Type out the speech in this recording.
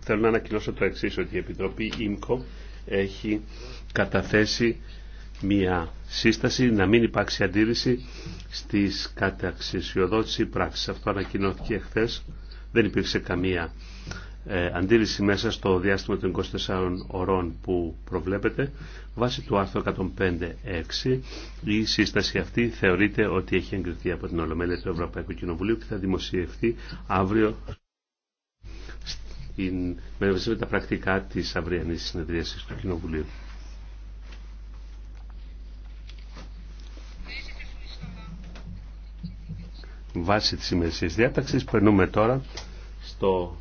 Θέλω να ανακοινώσω το εξή ότι η Επιτροπή ΙΜΚΟ έχει καταθέσει μια σύσταση να μην υπάρξει αντίρρηση στις καταξισιοδότηση πράξεις. Αυτό ανακοινώθηκε χθε. Δεν υπήρξε καμία ε, αντίρρηση μέσα στο διάστημα των 24 ωρών που προβλέπεται. Βάσει του άρθρου 105.6 η σύσταση αυτή θεωρείται ότι έχει εγκριθεί από την Ολομέλεια του Ευρωπαϊκού Κοινοβουλίου και θα δημοσιευτεί αύριο με τα πρακτικά της αυριανής συνεδρίασης του Κοινοβουλίου. Βάσει της ημερησίας διάταξη. περνούμε τώρα στο